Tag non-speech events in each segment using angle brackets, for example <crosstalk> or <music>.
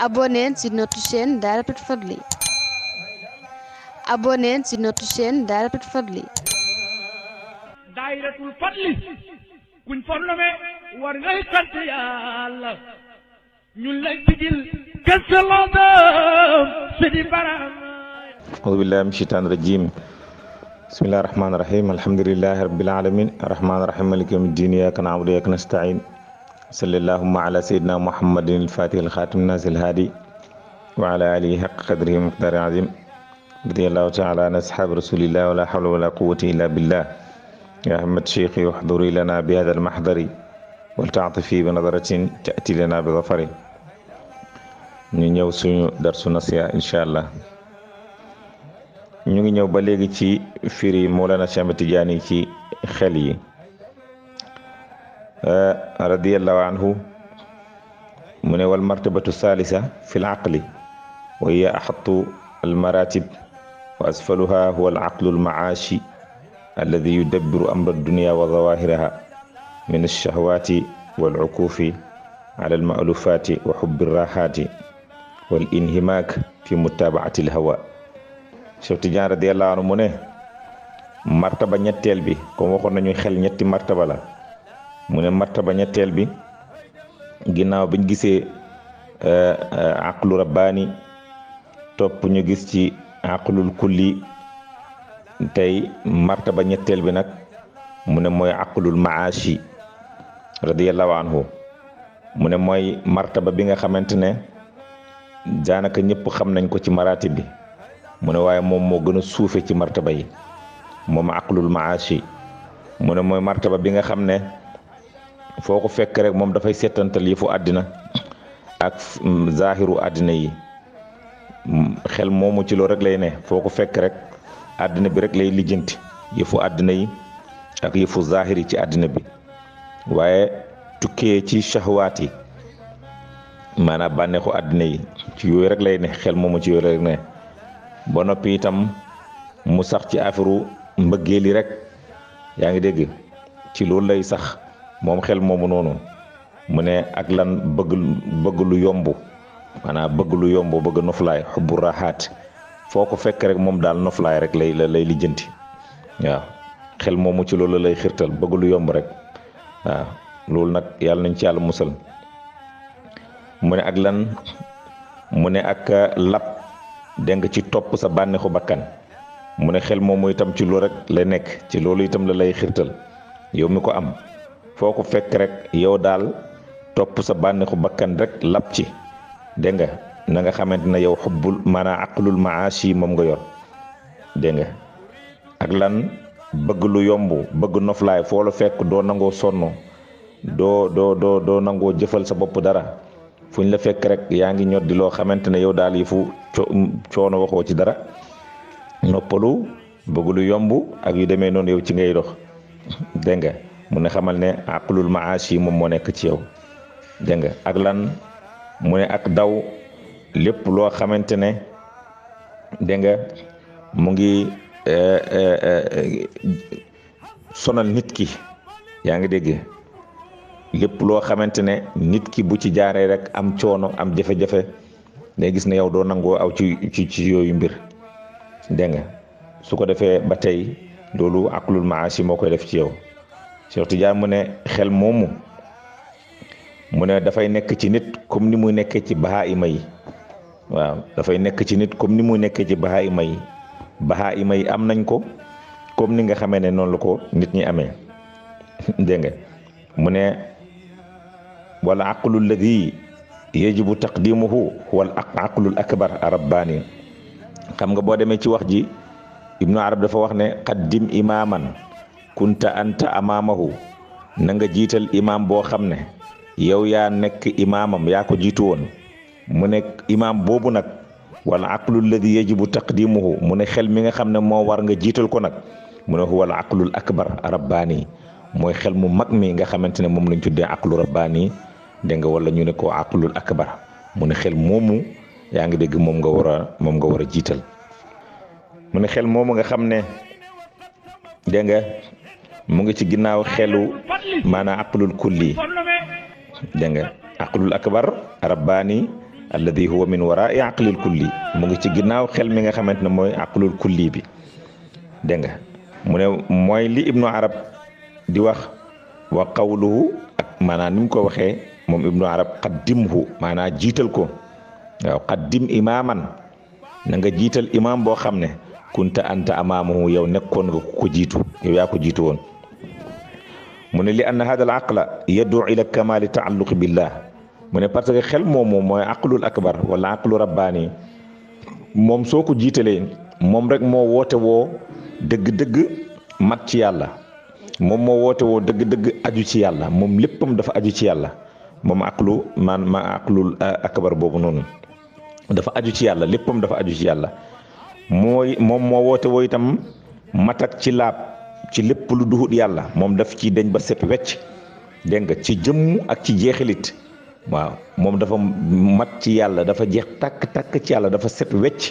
abonnez ci notre chaîne Dahiratoul Fadly abonnez ci notre chaîne Dahiratoul Fadly Dahiratoul Fadly kuñ fornome war ngay sant Yàlla ñun lay digil kasaladam sidi baram a'udhu billahi minash shaitanir rajim bismillahir rahmanir rahim alhamdulillahi rabbil alamin arrahmanir rahim maliki yawmiddin iyyaka na'budu wa iyyaka nasta'in salli allahumma ala sayyidina muhammadin al-fatih al-khatim nas al-hadi wa ala alihi haqq qadrihi wa miqdari azim radiyallahu ta'ala an ashab rasulillah wa la hawla wa la quwwata illa billah ya ahmad shaykhi uhduri lana bi hadha al-mahdari wal ta'tifi bi nadratin ta'ti lana bi dhafari ñu ñëw suñu darsu nasiha insha allah ñu ngi ñëw ba léegi ci firi Mawlana Cheikh Tidiane ci xel yi Eh, radiallahu anhu mu ne wal martabatu salisa fi l aqli wa hiya axatu almaratib wa asfaluha huwa al aqlu almaashi alladi yudabbiru amra dunia wa zawahiraha min alshahwati walcukuufi ala almaalufati wa xubbi rahati wal inhimaak fi mutabaati alhawa Cheikh Tidiane radiallahu anhu mu ne martaba ñetteel bi comme waxoon nañu xel ñetti martaba la mu ne martaba ñetteel bi ginnaaw biñ gisee eh, aqlu rabbaani topp ñu gis ci aqlul kulli tey martaba ñetteel bi nag mu ne mooy aqlul maashi radiyallahu anhu mu ne mooy martaba bi nga xamante ne jaanaka ñëpp xam nañ ko ci maraati bi mu ne waaye moom moo gën a suufe ci martaba yi moom aqlul maashi mu ne mooy martaba bi nga xam ne foo ko fekk rek moom dafay seetantal yëfu àddina ak zaahiru àddina yi xel moomu ci loolu rek lay ne foo ko fekk rek àddina bi rek lay lijjanti yëfu àddina yi ak yëfu zaahir ci àddina bi waaye tukkee ci shahwaat yi maanaam bànneexu àddina yi ci yooyu rek lay ne xel moomu ci yooyu rek ne ba noppi itam mu sax ci affaire mbëggeel yi rek yaa ngi dégg ci loolu lay sax moom xel moomu noonu mu ne ak lan bëgg bëgg lu yomb maanaam bëgg lu yomb bëgg noflaay xubbu raxaat foo ko fekk rek moom daal noflaay rek lay lay lijjanti waaw xel moomu ci loolu lay xirtal bëgg lu yomb rek waaw loolu nag yàlla nañ ci yàlla musal mu ne ak lan mu ne ak euh, lab dégg nga ci topp sa bànneexu bakkan mu ne xel moomu itam ci loolu rek la nekk ci loolu itam la lay xirtal yow mi ko am foo ko fekk rek yow daal topp sa bànneexu bakkan rek lab ci dégg nga na nga xamante ne yow xubbul maanaam aqlul maashi moom nga yor dégg ak lan bëgg lu yomb bëgg noflaay foo la fekk doo nangoo sonn doo doo doo doo nangoo jëfal sa bopp dara fu ñu la fekk rek yaa ngi ñor di loo xamante ne yow daal yi fu coono waxoo ci dara noppalu bëgg lu yomb ak yu demee noonu yow ci ngay dox nga mu ne xamal ne aqlul maashi moom moo nekk ci yow dégg ak lan mu ne ak daw lépp loo xamante ne dégg mu ngi eh, eh, eh, sonal nit ki yaa ngi dégg lépp loo xamante ne nit ki bu ci jaaree rek am coono am jafe-jafe day gis ne yow doo nangoo aw ci ci ci yooyu mbir dégg nga su ko defee ba tey loolu aklul maashi moo koy def ci yow Cheikh Tidiane mu ne xel moomu mu ne dafay nekk ci nit comme ni muy nekkee ci bahaa ima yi waaw dafay nekk ci nit comme ni muy nekkee ci bahaa ima yi bahaa ima yi am nañ ko comme ni nga xamee ne noonu la ko nit ñi amee <laughs> dégg nga mu ne walla la yéju wala aqlu alladi yajibu taqdimuhu wal aqlul akbar arabbaani xam nga boo demee ci wax ji ibnu arab dafa wax ne qaddim imaaman kunta anta amaamahu na nga jiital imaam boo xam ne yow yaa nekk imaamam yaa ko jiitu woon mu nekk imaam boobu nag wala aqlul ladi yajibu taqdimuhu mu ne xel mi nga xam ne moo war nga jiital ko nag mu ne huwa al aqlul akbar rabbaani mooy xel mu mag mi nga xamante ne moom lañ tuddee aqlu rabbaani dégg nga wala ñu ne ko aqlul akbar mu ne xel moomu yaa ngi dégg moom nga war a moom nga war a jiital xel moomu nga xam ne dégg mu ngi ci ginnaaw xelu maanaam aqlul kulli dégg nga aqlul akbar rabbaani alladi huwa min waraai aqlil kulli mu ngi ci ginnaaw xel mi nga xamante ne mooy aqlul kulli bi dégg nga mu ne mooy li ibnu arab di wax wa qawluhu ak nim ko waxee moom ibnu arab qaddimhu maanaam jiital ko waaw qaddim imaaman na nga jiital imaam boo xam ne kunta anta amaamuhu yow nekkoon nga ko jiitu yow yaa ko woon mu ne li an hada al la yaddu ila kamali taalluqi billah mu ne parce que xel moomu mooy aqlul akbar wala aqlu rabbaani moom soo ko jiitalee moom rek moo woote woo dëgg-dëgg mat ci yàlla moom moo woote woo dëgg-dëgg aju ci yàlla moom léppam dafa aju ci yàlla moom aqlu man ma aqlul akbar boobu noonu dafa aju ci yàlla léppam dafa aju ci yàlla mooy moom moo woote woo itam matak ci laab ci lépp lu duhut yàlla moom daf ci deñ ba set wecc dégg nga ci jëmm ak ci jeexilit waaw moom dafa mat ci yàlla dafa jeex tàkk tàkk ci yàlla dafa set wecc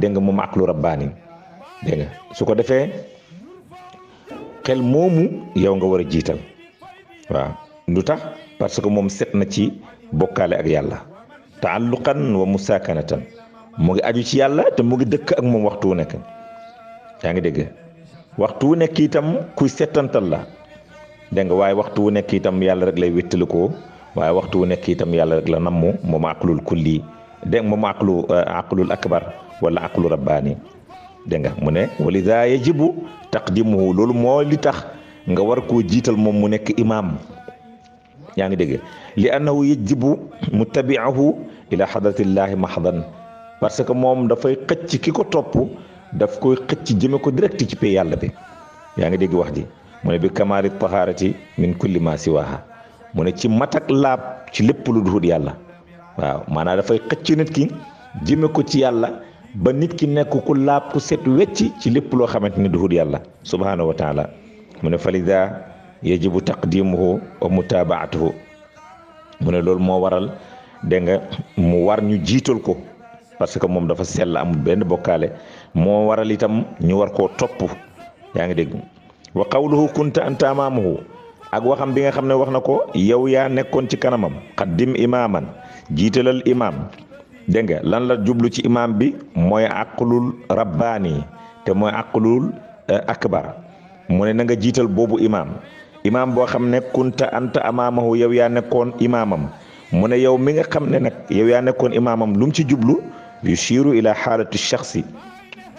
dégg nga moom ak lu rabbaani dégg su ko defee xel moomu yow nga war a jiital waaw lu tax parce que moom set na ci bokkaale ak yàlla taalluqan wa musaakanatan mu ngi aju ci yàlla te mu ngi dëkk ak moom waxtu wu nekk yaa ngi dégg waxtu wu nekk itam kuy settantal la dégg nga waaye waxtu wu nekk itam yàlla rek lay wéttalu ko waaye waxtu wu nekk itam yàlla rek la namm moom aqlul kulli dégg moom aqlu eh, aqlul akbar wala aqlu rabbaani dégg nga mu ne walida yajibu taqdimuhu loolu moo li tax nga war koo jiital moom mu nekk imaam yaa ngi dégg li annahu yajibu mutabiahu ila xadratillahi mahdan parce que moom dafay xëcc ki ko topp daf koy xëcc jëme ko direct ci pay yàlla bi yaa ngi dégg wax ji mu ne bi kamaari taharati min kulli ma siwaha mu ne ci matak laab ci lépp lu duhut yàlla waaw maanaam dafay xëcc nit ki jëme ko ci yàlla ba nit ki nekk ku laab ku set wecc ci lépp loo xamante du duhut yàlla subhanahu wa mu ne falida yajibu taqdimuhu wa mutabaatuhu mu ne loolu moo waral dégg nga mu war ñu jiital ko parce que moom dafa sell amul benn bokkaale moo waral itam ñu war koo topp yaa ngi dégg wa qawluhu kunta anta amaamahu ak waxam bi nga xam ne wax na ko yow yaa nekkoon ci kanamam xaddim imaaman jiitalal imaam dégg nga lan la jublu ci imaam bi mooy àqlul rabbaani te mooy àqlul eh, akbar mu ne na nga jiital boobu imaam imaam boo xam ne kunta anta amaamahu yow yaa nekkoon imaamam mu ne yow mi nga xam ne nag yow yaa nekkoon imaamam lu ci jublu yushiru ila xaalatu shaxsi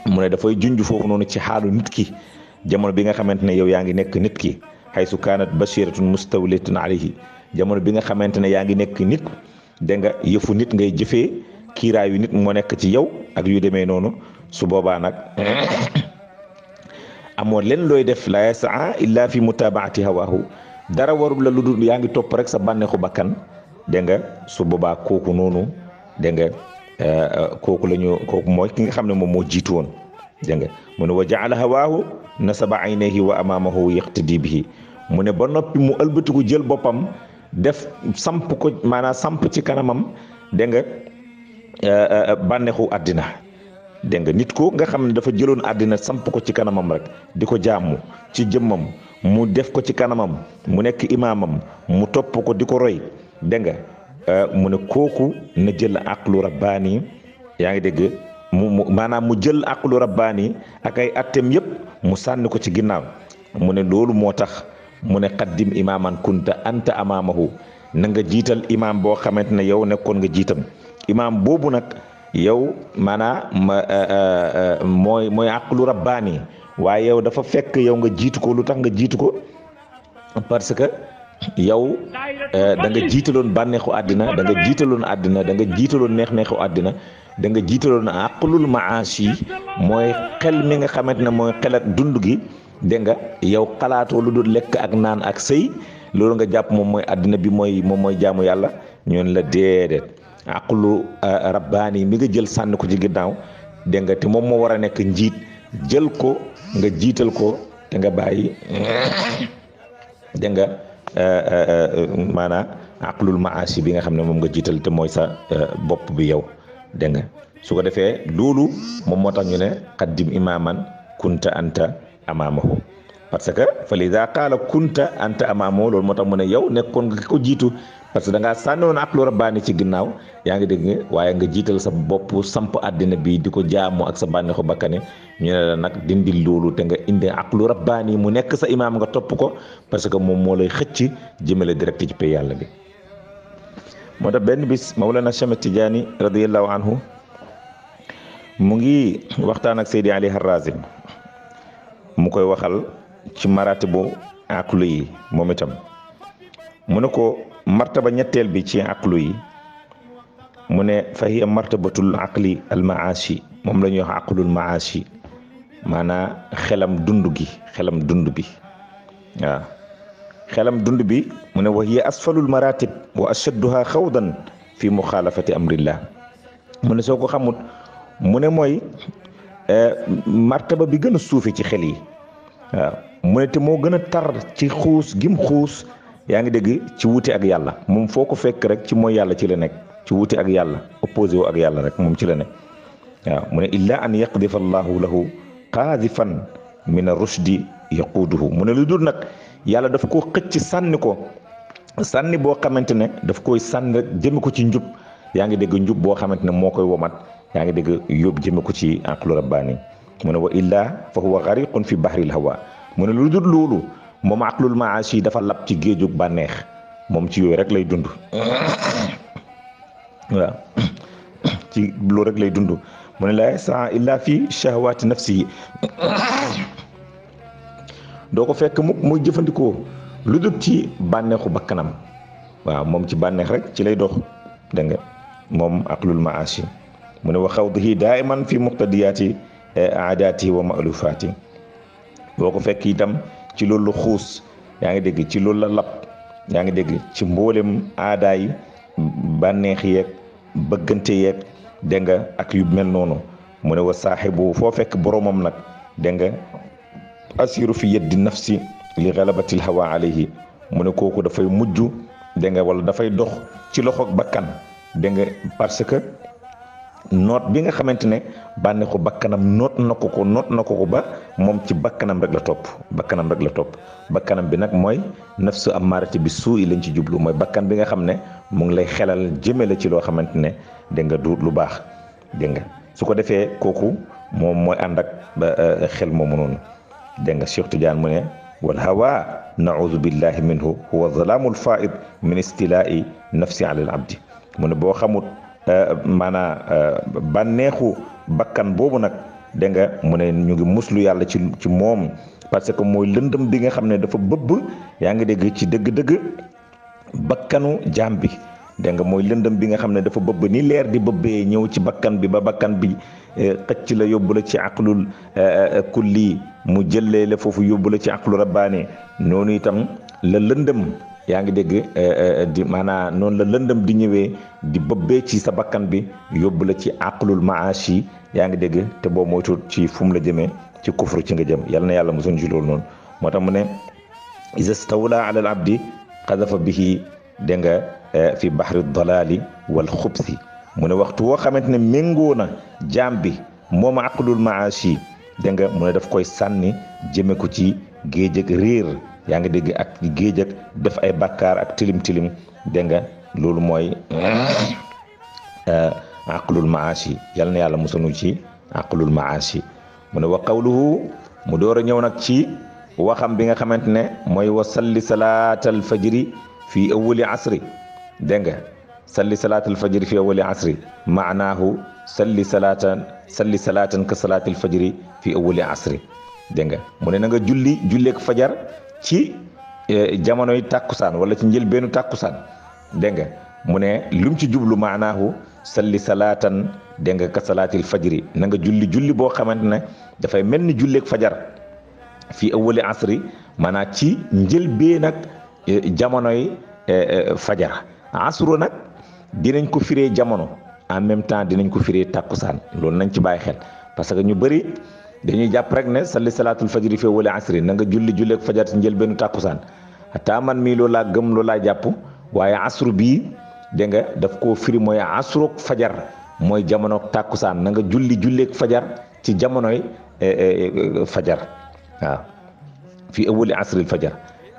mu ne dafay junj foofu noonu ci xaalu nit ki jamono bi nga xamante ne yow yaa ngi nekk nit ki xaysu kaanat bashiratun mustawlatun alayhi jamono bi nga xamante ne yaa ngi nekk nit da nga yëfu nit ngay jëfee kiiraayu nit moo nekk ci yow ak yu demee noonu su boobaa nag <coughs> amoon leen looy def la yasaa illa fi mutaabaati hawaahu dara warul la lu dul yaa ngi topp rek sa banneexu bakkan da nga su boobaa kooku noonu da Euh, euh, kooku la ñu kooku mooy ki nga xam ne moom moo jiitu woon dégg nga mu ne wa jaala hawaahu nasaba aynayhi wa amaamahu yaqtadi bihi mu ne ba noppi mu ëlbatiku jël boppam def samp ko maanaam samp ci kanamam dégg nga euh, bànneexu àddina dégg nga nit ko nga xam ne dafa jëloon àddina samp ko ci kanamam rek di ko jaamu ci jëmmam mu def ko ci kanamam mu nekk imaamam mu topp ko di ko roy dégg nga Euh, mu ne kooku na jël aqlu rabbaani yaa ngi dégg mu mu maanaam mu jël aqlu rabbaani ak ay attem yëpp mu sànni ko ci ginnaaw mu ne loolu moo tax mu ne qaddim imaaman kunta anta amaamahu na nga jiital imaam boo xamante ne yow nekkoon nga jiitam imaam boobu nag yow maanaam euh, euh, mooy mooy aqlu rabbaani waaye yow dafa fekk yow nga jiitu ko lu tax nga jiitu ko parce que. yow eh, da nga jiitaloon bànneexu àddina da nga jiitaloon àddina da nga jiitaloon neex-neexu àddina danga da nga jiitaloon àqlul maasi mooy xel mi nga xamante ne mooy xel ak dund gi dégg nga yow xalaatoo lu du lekk ak naan ak sëy loolu nga jàpp moom mooy àddina bi mooy moom mooy jaamu yàlla ñoon la déedéet àqlu eh, rabbaani mi nga jël sànni ko ci ginnaaw dégg nga te moom moo war a nekk njiit jël ko nga jiital ko te nga bàyyi <coughs> dégg Eh, eh, eh, maanaam aqlul maasi bi nga xam ne moom nga jiital te mooy sa bopp bi yow dégg nga su ko defee loolu moom moo tax ñu ne qaddim imaaman kunta anta amaamahu parce que fa lida qaala kunta anta amaamahu loolu moo tax mu ne yow nekkoon nga ko jiitu parce que danga ngaa sànni woon ak lu rabbaani ci ginnaaw yaa ngi dégg waaye nga jiital sa bopp samp àddina bi di ko jaamu ak sa bànneexu bakkane ñu ne la nag dindi loolu te nga indi ak lu rabbaani mu nekk sa imaam nga topp ko parce que moom moo lay xëcc jëmale direct ci pay yàlla bi. moo tax benn bis Mawlana la Tidiane radiyallahu anhu mu ngi waxtaan ak Seydi Ali Harazim mu koy waxal ci maraati bu aklu yi moom itam mu ne ko. martaba ñetteel bi ci aqlu yi mu ne fa hiya martabatul aqli al maashi moom la ñuy wax aqlul maashi maanaa xelam dund gi xelam dund bi waaw xelam dund bi mu ne wa hiya asfalul maratib wa ashadduha xawdan fi muxaalafati amrillah mu ne soo ko xamut mu ne mooy eh, martaba bi gën a suufe ci xel yi waaw te moo gën a tar ci xuus gim xuus yaa ngi dégg ci wuute ak yàlla moom foo ko fekk rek ci mooy yàlla ci la nekk ci wuute ak yàlla opposé ak yàlla rek moom ci la nekk mu ne illa an yaqdifa allahu lahu qaadifan min ar-rushdi yaquuduhu mu ne lu dul nag yàlla daf koo xëcc sànni ko sànni boo xamante ne daf koy sànni jëme ko ci njub yaa ngi dégg njub boo xamante ne moo koy womat yaa ngi dégg yóbbu jëme ko ci aqlu rabbaani mu ne wa illa fa huwa gariqun fi bahril hawa mu ne lu dul loolu moom aqlul maasi dafa lab ci géejug bànneex moom ci yooyu rek lay dund waaw ci loolu rek lay dund mu ne la sa illa fi shahwaati nafsi doo ko fekk mukk muy jëfandikoo lu dul ci bànneexu bakkanam waaw moom ci bànneex rek ci lay dox dégg nga moom aqlul maasi mu ne wa xawdihi daiman fi muqtadiyaati eh, aadaati wa maalufaati boo ko fekk itam ci loolu xuus yaa ngi dégg ci loolu la lab yaa ngi dégg ci mboolem aadaay bànneex yeeg bëggante yeeg dégg nga ak yu mel noonu mu ne wa saaxibu foo fekk boromam nag dégg nga asiru fi yeddi nafsi li galabatil hawa alayhi mu ne kooku dafay mujj denga nga dafay dox ci loxook bakkan dégg nga parce que noot bi nga xamante ne bànneexu bakkanam noot na ko ko noot na ko ko ba moom ci bakkanam rek la topp bakkanam rek la topp bakkanam bi nag mooy nafsu ammaarati bi suu'i lañ ci jublu mooy bakkan bi nga xam ne mu ngi lay xelal jëme la ci loo xamante ne dégg nga du lu baax dégg nga su ko defee kooku moom mooy ànd ak euh, xel moomu noonu dégg nga Cheikh Tidiane mu ne wal hawa naudu billahi minhu huwa zalaamul faid min istilaa'i nafsi ala al abdi mu ne boo xamut Euh, maanaa euh, bànneexu bakkan boobu nag dégg nga mu ne ñu ngi muslu yàlla ci ci moom parce que mooy lëndëm bi nga xam ne dafa bëbb yaa ngi dégg ci dëgg-dëgg bakkanu jaam bi dégg nga mooy lëndëm bi nga xam ne dafa bëbb ni leer di bëbbee ñëw ci bakkan bi ba bakkan bi euh, xëcc la yóbbu la ci aqlul kulli mu jëlee la foofu yóbbu la ci aqlu rabbaani noonu itam la lëndëm yaa ngi dégg eh, eh, di maanaam noonu la lëndëm di ñëwee di bëbbee ci sa bakkan bi yóbbu la ci aqlul maash yaa ngi dégg te boo moytu ci fu la jëmee ci kufru ci nga jëm yal na yàlla mosuñ ci noonu moo tax mu ne isa stawla ala al abdi xadafa bihi dégg nga eh, fi bahri dalali wal xubsi mu ne waxtu woo xamante ne méngoo na jaam bi moom aqlul maash yi dégg nga mu ne daf koy sànni jëme ko ci géej ak réer yaa ngi dégg ak géej def ay bakkaar ak tilim tilim dégg nga loolu mooy eh, aqlul maasi yal na yàlla musanu ci aqlul maasi mu ne wa qawluhu mu door a ñëw nag ci waxam bi nga xamante ne mooy wa salli salaatal fajri fii awwali asri dégg nga salli salaatal fajri fii awwali asri maanaahu salli salaatan salli salaatan ka salaatil fajri fii awwali asri dégg nga mu julli julleeg fajar ci eh, jamonoy tàkkusaan wala ci njëlbeenu tàkkusaan dégg nga mu ne lum ci jublu maanaahu salli salaatan dégg nga ka salaatil fajri nanga nga julli julli boo xamante na dafay mel ni julleeg fajar fii awwali asri maanaam ci njëlbeen nag eh, jamonoy eh, fajar asru nag dinañ ko firee jamono en même temps dinañ ko firee tàkkusaan loolu nañ ci bàyyi xel parce ñu bëri dañuy jàpp rek ne salli salaatul fajri fee wala asri na nga julli julleeg fajar ci njëlbeenu tàkkusaan man mii loolaa gëm loolaa jàpp waaye asru bii dégg nga daf koo firi mooy fajar mooy jamono tàkkusaan na nga julli julleeg fajar ci jamonoy eh, eh, eh, fajar fii awali asril fajar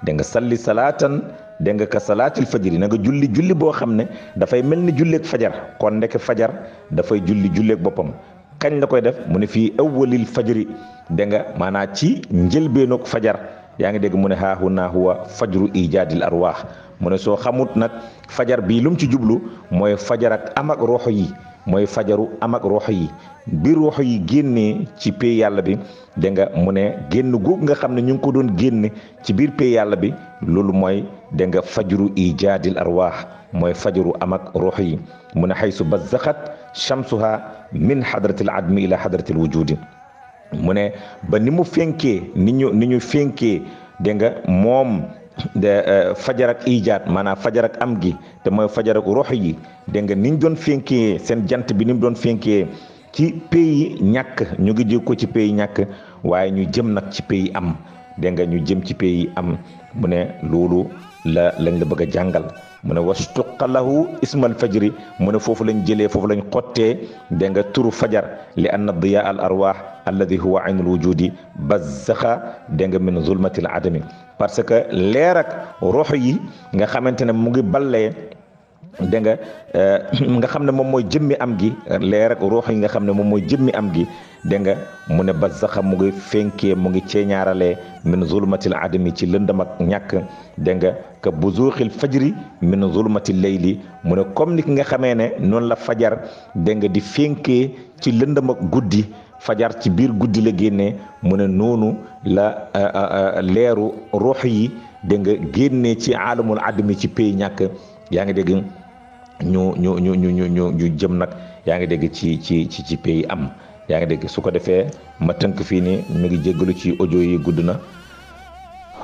dégg nga salli salaatan dégg nga ka salaatil fajri na nga julli julli boo xam ne dafay mel ni julleeg fajar kon ndeke fajar dafay julli julleeg boppam kañ la koy def mu ne fii awwalil fajri dégg nga maanaa ci njëlbeenug fajar yaa ngi dégg mu ne haahuna huwa fajru ijaadil arwaax mu ne soo xamut nag fajar bii lu ci jublu mooy fajarak ak am yi mooy fajaru am ak yi bi roxo yi génnee ci pay yàlla bi dégg nga mu ne génn googu nga xam ne ñu ngi ko doon génne ci biir pay yàlla bi loolu mooy dégg nga fajru ijaadil arwaax mooy fajaru am ak roxo yi mu ne shamsuha min hadratil admi ila hadratil wujudi mu ne ba ni mu fénkee ni ñu ni ñu dégg nga moom de euh, fajar ak ijaat maanaam fajar am gi te mooy fajar ak rox yi dégg nga ni doon fénkee seen jant bi ni doon fénkee ci pays ñàkk ñu ngi jóg ko ci pays ñàkk waaye ñu jëm nag ci pays am dégg nga ñu jëm ci pays am mu ne loolu la lañ la bëgg a jàngal mu ne wastuqa lahu ismal fajri mu ne foofu lañ jëlee foofu lañ xottee dégg nga turu fajar li anna diya al arwaax alladi huwa aynul wujudi bazzaxa dégg nga min zulmatil adami parce que leer ak rox yi nga xamante ne mu ngi ballee dégg nga euh, <coughs> nga xam ne moom mooy jëmmi am gi leer ak yi nga xam ne moom mooy jëmmi am gi dégg mu ne ba saxa mu ngi fenkee mu ngi ceeñaaralee min zulmatil adami ci lëndam ak ñàkk dégg nga que bu zuuxil fajri min zulmatil layli mu ne comme ni ki nga xamee ne noonu la fajar dégg nga di fenkee ci lëndam ak guddi fajar ci biir guddi la génne mu ne noonu la euh, euh, leeru ruux yi dégg nga génnee ci aalamul adami ci pay ñàkk yaa ngi dégg ñu jëm nag yaa ngi dégg ci ci ci ci pays am yaa ngi dégg su ko defee ma tënk fii ni mu ngi jéggalu ci audio yi gudd na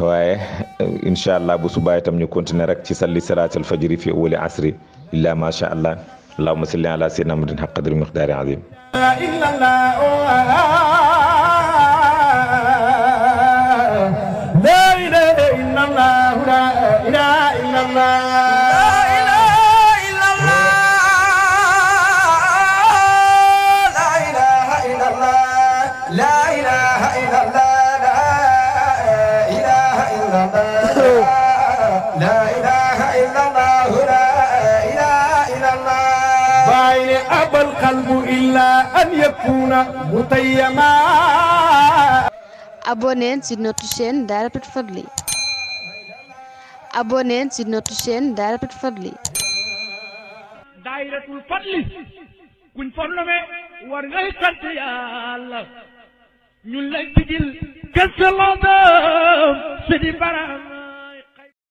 waaye euh, incha allah bu subaa itam ñu continuer rek ci salli salaatal fajri fi awali asri illaa ma sha allah allahumma salli ala sayyidina muhammadin haqq qadri miqdari azim la ilaha illa allah oh, القلب إلا أن يكون متيما abonnez sur notre chaîne Dahiratoul Fadly abonnez sur notre chaîne Dahiratoul Fadly Dahiratoul Fadly kuñ fonnome war ngay sant Yàlla ñun lay digil kesselo do sidi baram